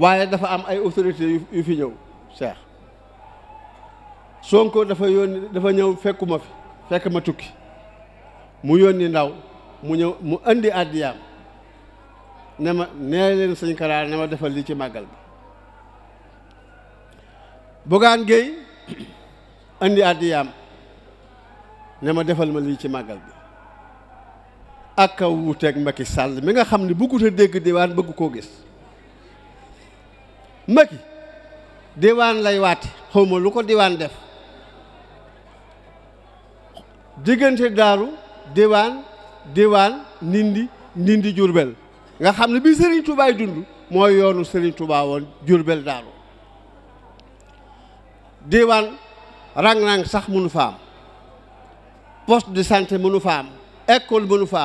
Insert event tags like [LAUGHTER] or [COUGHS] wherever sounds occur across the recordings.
waaye dafa am ay autorité yu fi ñëw Cheikh Sonko dafa yónni dafa ñëw fekku ma fi fekk ma tukki mu yónni ndaw mu ñëw mu indi àddiyaam ne ma nee leen sëñ ne ma defal lii ci màggal bi Bougane Gueye [COUGHS] indi àddiyaam ne ma defal ma lii ci màggal bi ak kaw wuuteeg Macky Sall mi nga xam ne bëggut a dégg diwaan bëgg koo gis Macky diwaan lay waate ma lu ko diwaan def diggante daaru diwaan diwaan nindi nindi jurbel nga xam ne bi Serigne Touba dund moo yoonu Serigne Touba woon jurbel daaru diwaan rang-rang sax mënu fa am poste de santé mënu fa am mënu fa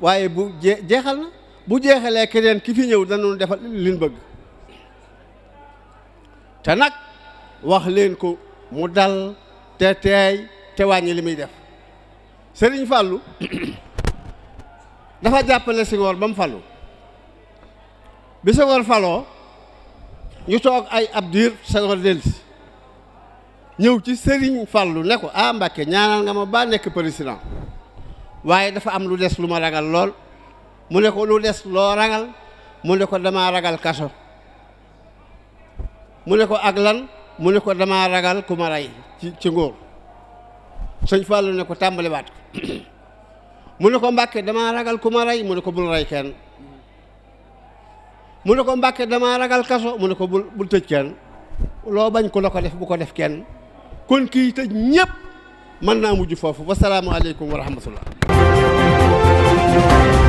waaye bu jeexal na bu jeexalee keneen ki fi ñëw danañu defal liñ bëgg te nag wax leen ko mu dal te teey te wàññi li muy def Sëriñ Fàllu [COUGHS] dafa jàppale Senghor ba mu falu bi Senghor faloo ñu toog ay ab diir Senghor dellusi ñëw ci Sëriñ Fàllu ne ko ah Mbàkke ñaanal nga ma ba nekk président waaye dafa am lu des lu ma ragal lool mu ne ko lu des loo ragal mu ne ko damaa ragal kaso mu ne ko ak lan mu ne ko damaa ragal ku ci ci ngóor sëñ Fallou ne ko tàmbaliwaat ko [CLEARS THROAT] mu ne ko Mbàkke damaa ragal ku mu ne ko bul kenn mu ne ko Mbàkke damaa ragal kaso mu ne ko bul bul tëj kenn loo bañ ku la ko def bu ko def kenn kon kii tëj ñëpp mën naa mujj foofu wasalaamualeykum wa rahmatullah